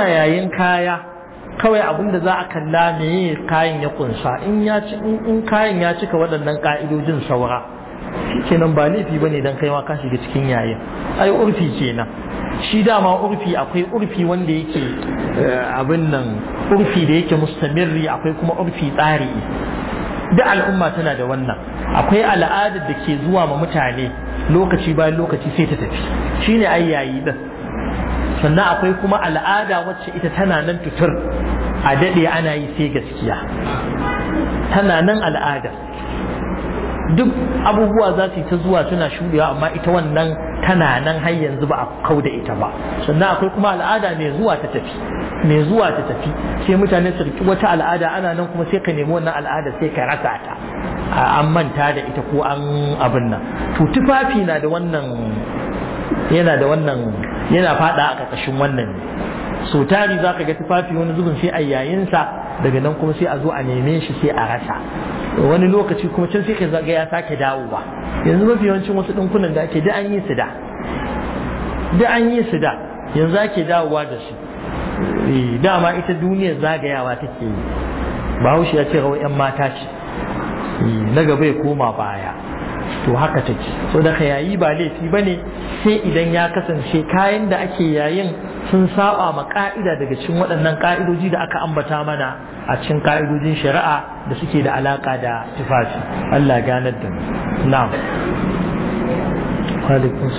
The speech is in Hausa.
ana yayin kaya kawai abin da za a kalla me kayan ya kunsa in ya ci in kayan ya cika waɗannan ka'idojin saura kenan ba laifi bane dan kai ma ka shiga cikin yayin ai urfi kenan shi dama urfi akwai urfi wanda yake eh, abin nan urfi da yake mustamirri akwai kuma urfi tsari duk al'umma tana da wannan akwai al'adar da ke zuwa ma mutane lokaci bayan lokaci sai ta tafi shine ai yayi din sannan akwai kuma al'ada wacce ita tana nan tutur a daɗe ana yi sai gaskiya tana nan al'ada duk abubuwa za su yi ta zuwa suna shuɗewa amma ita wannan tana nan har yanzu ba a kau da ita ba sannan akwai kuma al'ada mai zuwa ta tafi mai zuwa ta tafi sai mutane su riki wata al'ada ana nan kuma sai ka nemi wannan al'ada sai ka rasa ta an manta da ita ko an abin nan to tufafi na da wannan yana da wannan yana fada a ƙarƙashin wannan ne so tari za ka ga tufafi wani zubin sai a yayinsa daga nan kuma sai a zo a neme shi sai a rasa wani lokaci kuma can sai ka ga ya sake dawowa yanzu mafi yawancin wasu ɗinkunan da ake da an yi su da da an yi su da yanzu ake dawowa da su eh, dama ita duniyar zagayawa take yi bahaushe ya ce rawa 'yan mata ce eh, na gaba ya koma baya to haka take so da yayi ba laifi ba ne sai idan ya kasance kayan da ake yayin sun saba ma ka'ida daga cikin waɗannan ka'idoji da aka ambata mana a cikin ka'idojin shari'a da suke da alaka da tufafi Allah ganar da mu